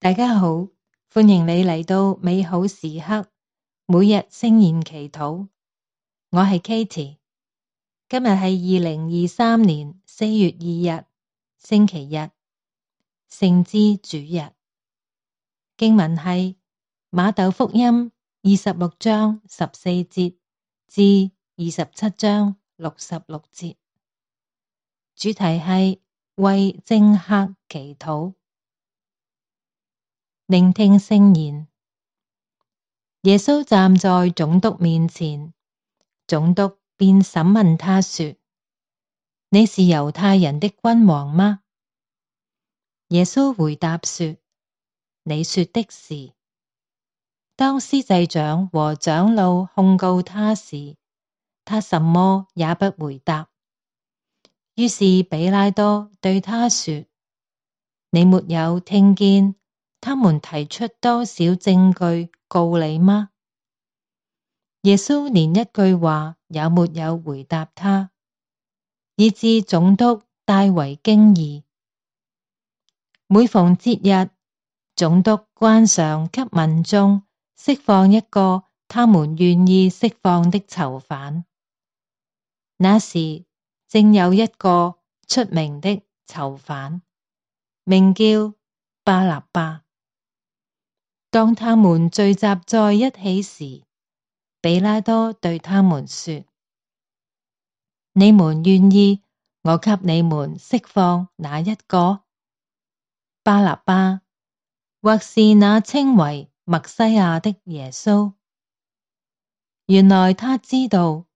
大家好，歡迎你嚟到美好時刻，每日聖言祈禱。我係 Katie，今日係二零二三年四月二日星期日，聖枝主日。經文係瑪竇福音二十六章十四節至二十七章六十六節。主題係為政客祈禱。聆聽聖言。耶穌站在總督面前，總督便審問他說：你是猶太人的君王嗎？耶穌回答說：你說的是。當司祭長和長老控告他時，他什麼也不回答。於是比拉多對他說：你沒有聽見。他們提出多少證據告你嗎？耶穌連一句話也沒有回答他，以至總督大為驚異。每逢節日，總督慣常給民眾釋放一個他們願意釋放的囚犯。那時正有一個出名的囚犯，名叫巴辣巴。當他們聚集在一起時，比拉多對他們說：你們願意我給你們釋放那一個？巴辣巴，或是那稱為默西亞的耶穌？原來他知道，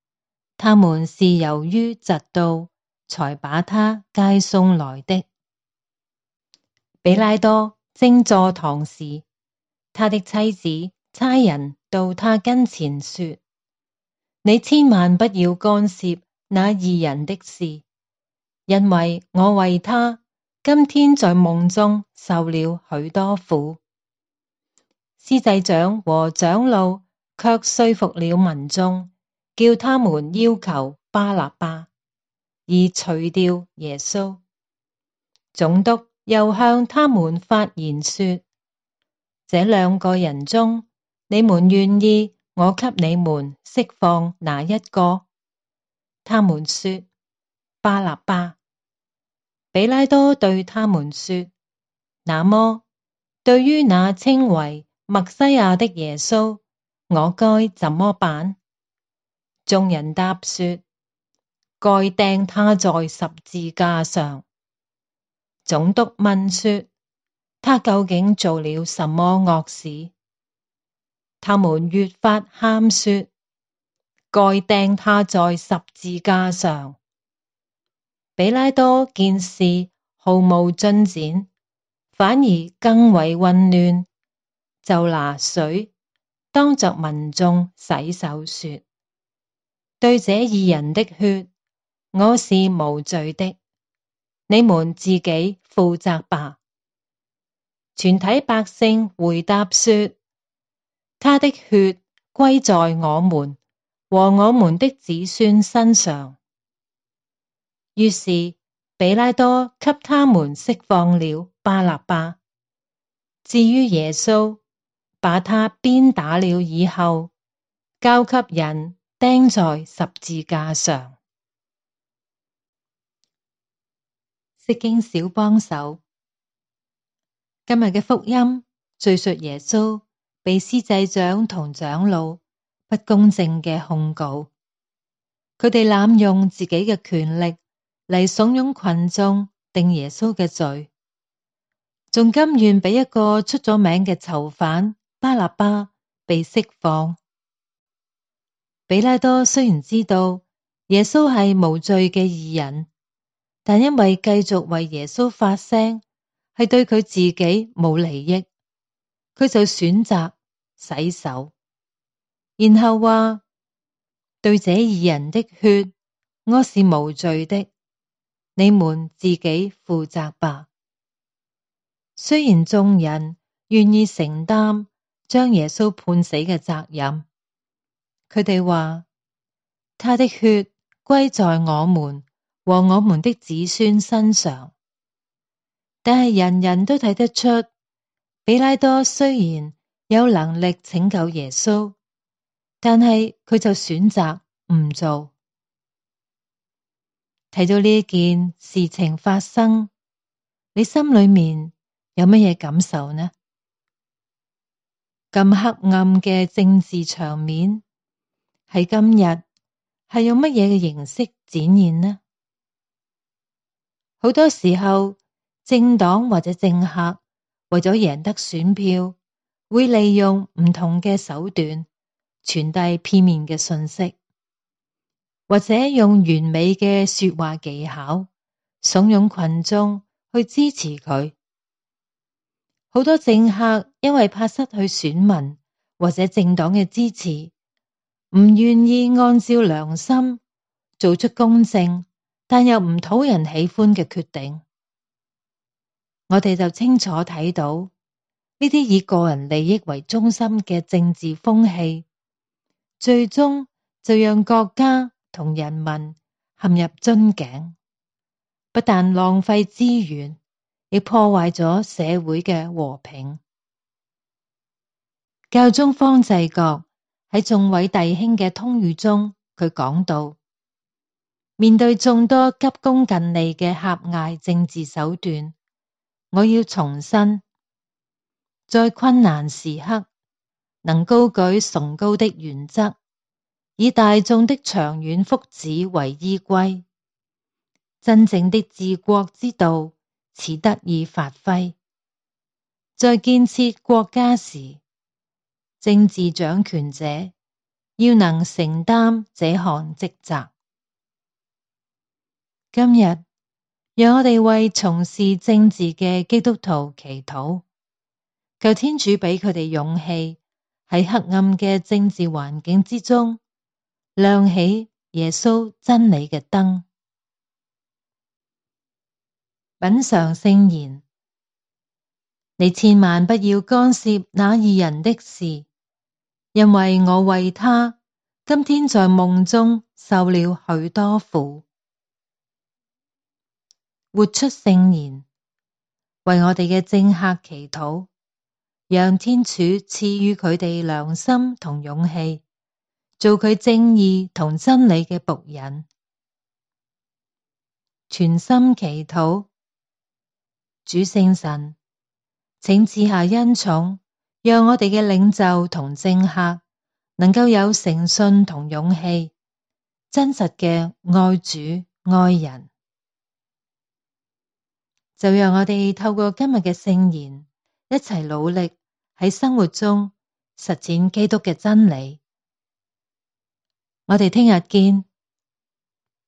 他們是由於嫉妒，才把他解送來的。比拉多正坐堂時。他的妻子差人到他跟前說：你千萬不要干涉那義人的事，因為我為他，今天在夢中受了許多苦。司祭長和長老卻說服了民眾，叫他們要求巴辣巴，而除掉耶穌。總督又向他們發言說。這兩個人中，你們願意我給你們釋放哪一個？他們說：巴辣巴。比拉多對他們說：那麼，對於那稱為默西亞的耶穌，我該怎麼辦？眾人答說：該釘他在十字架上。總督問說：他究竟做了什麼惡事？他們越發喊說，該釘他在十字架上。比拉多見事毫無進展，反而更為混亂，就拿水當着民眾洗手，說：對這義人的血，我是無罪的，你們自己負責罷！全體百姓回答說：他的血歸在我們和我們的子孫身上。於是比拉多給他們釋放了巴辣巴。至於耶穌，把他鞭打了以後，交給人釘在十字架上。釋經小幫手。今日嘅福音敘述耶穌被司祭長同長老不公正嘅控告，佢哋濫用自己嘅權力嚟慫恿群眾定耶穌嘅罪，仲甘願俾一個出咗名嘅囚犯巴辣巴被釋放。比拉多雖然知道耶穌係無罪嘅義人，但因為繼續為耶穌發聲。係對佢自己冇利益，佢就選擇洗手，然後話，對這義人的血，我是無罪的，你們自己負責吧。雖然眾人願意承擔將耶穌判死嘅責任，佢哋話，他的血歸在我們和我們的子孫身上。但係人人都睇得出，比拉多雖然有能力拯救耶穌，但係佢就選擇唔做。睇到呢一件事情發生，你心裏面有乜嘢感受呢？咁黑暗嘅政治場面，喺今日係用乜嘢嘅形式展現呢？好多時候，政黨或者政客為咗贏得選票，會利用唔同嘅手段傳遞片面嘅信息，或者用完美嘅說話技巧慫恿群眾去支持佢。好多政客因為怕失去選民或者政黨嘅支持，唔願意按照良心做出公正但又唔討人喜歡嘅決定。我哋就清楚睇到呢啲以個人利益為中心嘅政治風氣，最終就讓國家同人民陷入樽頸，不但浪費資源，亦破壞咗社會嘅和平。教宗方濟各喺眾位弟兄嘅通諭中，佢講到面對眾多急功近利嘅狹隘政治手段。我要重申，在困難時刻，能高舉崇高的原則，以大眾的長遠福祉為依歸，真正的治國之道始得以發揮。在建設國家時，政治掌權者要能承擔這項職責。今日。讓我哋為從事政治嘅基督徒祈禱，求天主畀佢哋勇氣，喺黑暗嘅政治環境之中亮起耶穌真理嘅燈。品嚐聖言，你千萬不要干涉那義人的事，因為我為他今天在夢中受了許多苦。活出聖言，為我哋嘅政客祈禱，讓天主賜予佢哋良心同勇氣，做佢正義同真理嘅僕人。全心祈禱，主聖神，請賜下恩寵，讓我哋嘅領袖同政客能夠有誠信同勇氣，真實嘅愛主愛人。就讓我哋透過今日嘅聖言，一齊努力喺生活中實踐基督嘅真理。我哋聽日見。